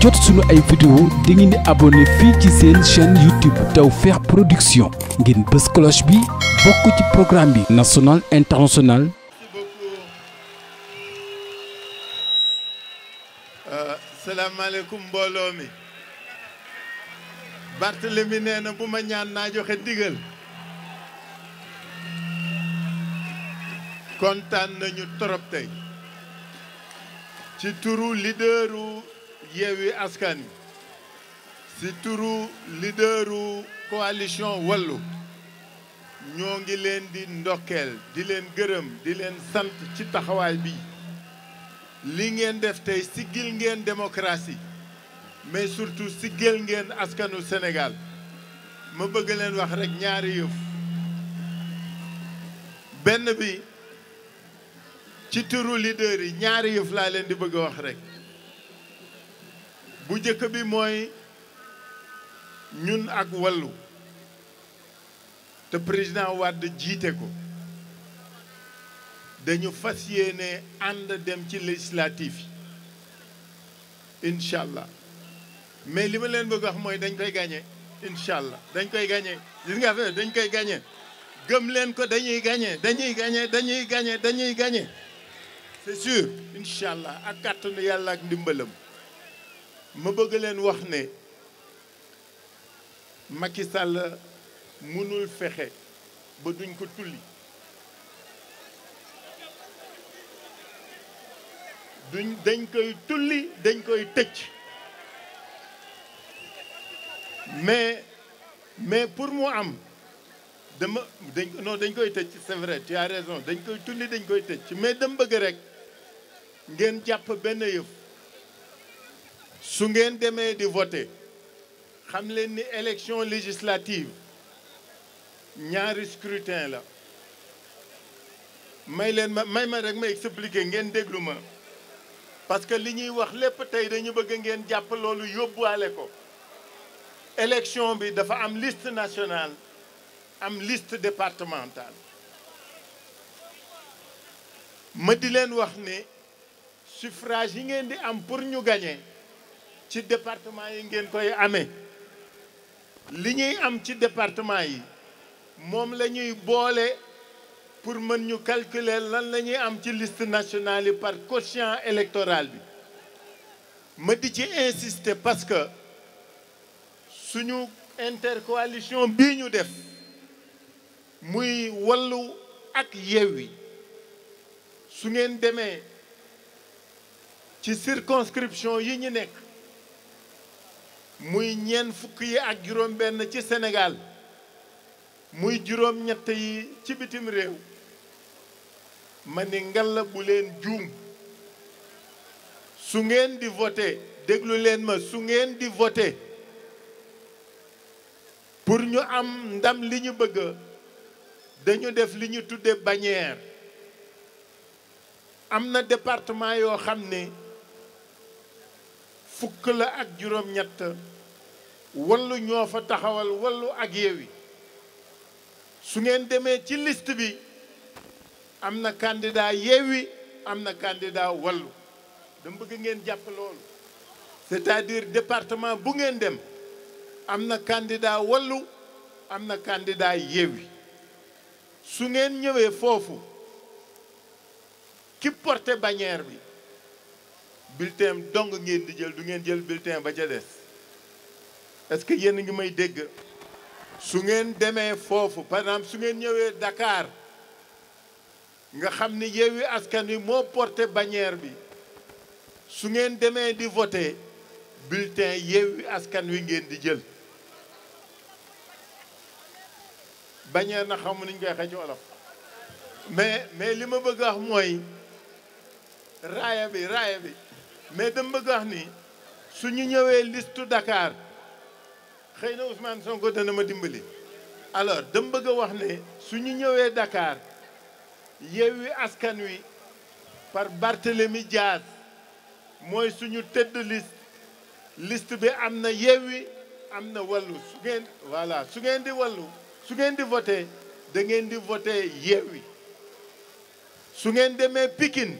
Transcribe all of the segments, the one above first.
jot suñu ay vidéo da ngeen di abonné fii ci seen chaîne YouTube Tawfekh Production ngeen bës cloche bi bokk ci programme bi national international euh, salaamaaleykum mbooloo mi Barthélemy nee na bu ma ñaan naa joxe ndigal kontaan nañu trop tey ci turu leaderu Yewwi Askan Wi ci turu leaderu coalition Wallu ñoo ngi leen di ndokkeel di leen gërëm di leen sant ci taxawaay bi li ngeen def tey siggil ngeen démocratie mais surtout siggil ngeen askanu senegaal ma bëgg leen wax rekk ñaari yëf benn bi ci turu leader yi ñaari yëf laa leen di bëgg a wax rekk bu njëkk bi mooy ñun ak wàllu te président Wade jiite ko dañu fas yéene ànd dem ci législatif yi allah mais li ma leen bëgg wax mooy dañ koy gañe incha allah dañ koy gañe gis nga affaire dañ koy gañe gëm leen ko dañuy gañe dañuy gagné dañuy gagné dañuy gagné c'est sûr incha allah ak kàttanu yàlla ak ndimbalam. ma bëgg leen wax ne Macky Sall mënul fexe ba duñ ko tulli duñ dañ koy tulli dañ koy tëcc mais mais pour mu am dama dañ non dañ koy tëj c'est vrai tu as raison dañ koy tulli dañ koy tëj mais dama bëgg rekk ngeen jàpp benn yëf su ngeen demee di voter xam leen ni élection législative ñaari scrutin la may leen ma may ma rek ma expliquer ngeen déglu ma parce que li ñuy wax lépp tey dañu bëgg ngeen jàpp loolu yóbbuwaale ko élection bi dafa am liste nationale am list départementale ma di leen wax ni suffrage yi ngeen di am pour ñu gagner ci département yi ngeen koy amee li ñuy am ci département yi moom la ñuy boole pour mën ñu calculer lan la ñuy am ci liste national yi par quotient électoral bi ma di ci insister parce que suñu intercoalition bii ñu def muy wallu ak Yewwi su ngeen demee ci circonscription yi ñu nekk muy ñeent fukk yi ak juróom benn ci Sénégal muy juróom ñett yi ci bitim réew ma ni ngalla bu leen juum su ngeen di voté déglu leen ma su ngeen di voté pour ñu am ndam li ñu bëgg dañu def li ñu tudde bannière am na département yoo xam ne fukk la ak juróom-ñett wallu ñoo fa taxawal wallu ak Yewwi su ngeen demee ci list bi am na kàndidaa yeewi am na kàndidaa wallu dama bëgg ngeen jàpp loolu cest à département bu ngeen dem am na candidat wallu am na candidat Yewwi su ngeen ñëwee foofu ki porté bannière bi bulletin dong ngeen di jël du ngeen jël bulletin ba ca des est que yéen ngi may dégg su ngeen demee foofu par su ngeen ñëwee dakaar nga xam ni Yewwi Askan Wi moo porté bannière bi su ngeen demee di voter bulletin Yewwi Askan Wi ngeen di jël bannière na xamu niñ koy xëcc wolof mais mais li ma bëgg a mooy raaya bi raaya bi mais dama bëgg wax ni suñu ñëwee listu Dakar xëy na Ousmane Sonko dana ma dimbali alors dama bëgg a wax ne suñu ñëwee Dakar Yewwi Askan Wi par Barthélemy Diaz mooy suñu tëdd liste liste bi am na Yewwi am na Wallu su ngeen voilà su ngeen di Wallu su ngeen di vote da ngeen di voté Yewwi su ngeen demee pikin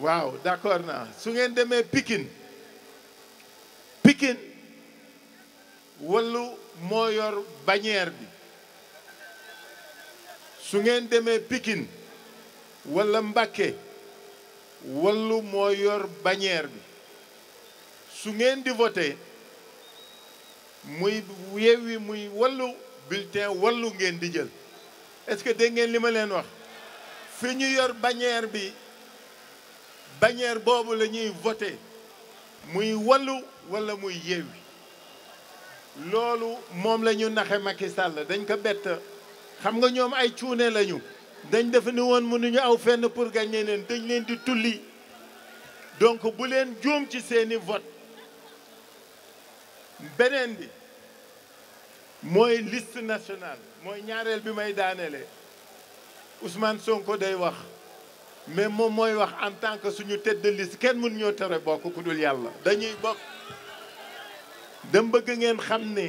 waaw d'accord naa su ngeen demee pikin pikin Wallu moo yor bannière bi su ngeen demee pikin walla Mbacké Wallu moo yor bannière bi su ngeen di voté muy Yewwi muy Wallu bulletin Wallu ngeen di jël est-ce que dengeen ngeen li ma leen wax fi ñu yor bañeer bi bannière boobu la ñuy voté muy wallu walla muy yewwi loolu moom lañu ñu naxe Macky Sall dañ ko bett xam nga ñoom ay cuune lañu dañ def ni woon mënuñu aw fenn pour gagner leen dañ leen di tulli donc bu leen juum ci seeni vote beneen bi mooy liste nationale mooy ñaareel bi may daaneele Ousmane Sonko day wax mais moom mooy wax en tant que suñu tête de liste kenn mën ñoo tere bokk ku dul yàlla dañuy bokk dam bëgg ngeen xam ne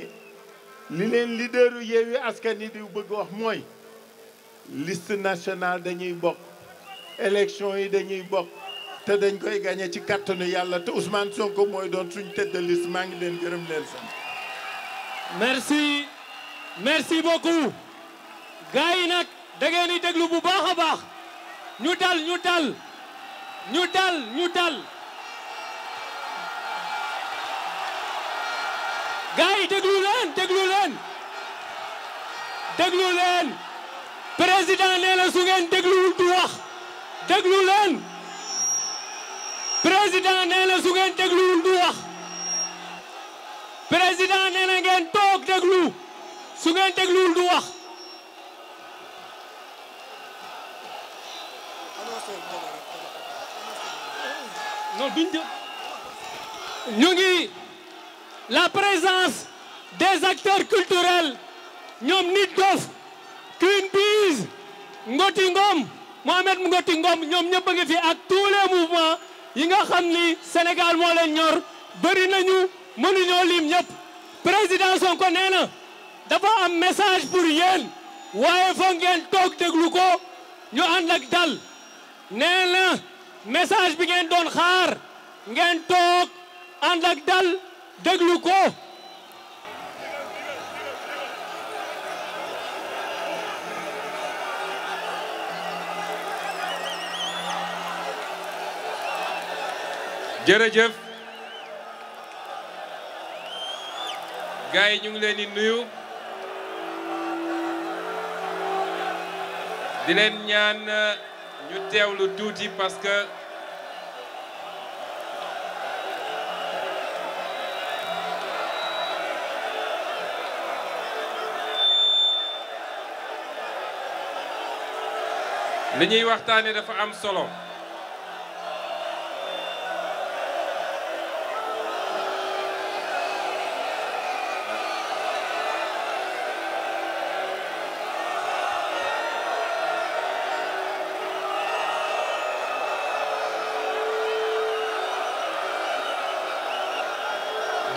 li leen leaderu Yewwi Askan Wi di bëgg wax mooy liste nationale dañuy bokk élection yi dañuy bokk te dañ koy gagné ci kàttanu yàlla te Ousmane Sonko mooy doon suñu tête de maa ngi leen gërëm leen sant merci merci beaucoup gars yi nag da ngeen di déglu bu baax a baax ñu dal ñu dal ñu dal ñu dal gars yi déglu leen déglu leen déglu leen président nee na su ngeen dégluwul du toog déglu su ngeen dégluwul du ñu ngi la présence des acteurs culturels ñoom nit dof Queen Biz Ngoti Ngom Mohamed Ngoti Ngom ñoom ñëpp ngi fi ak tous les mouvements yi nga xam ni Sénégal moo leen ñor bëri nañu mënuñoo lim ñëpp président Sonko nee na dafa am message pour yéen waaye foog ngeen toog déglu ko ñu ànd dal nee message bi ngeen doon xaar ngeen toog ànd ak dal déglu ko jërëjëf gars yi ñu ngi leen di nuyu di leen ñaan ñu teewlu tuuti parce que li ñuy waxtaane dafa am solo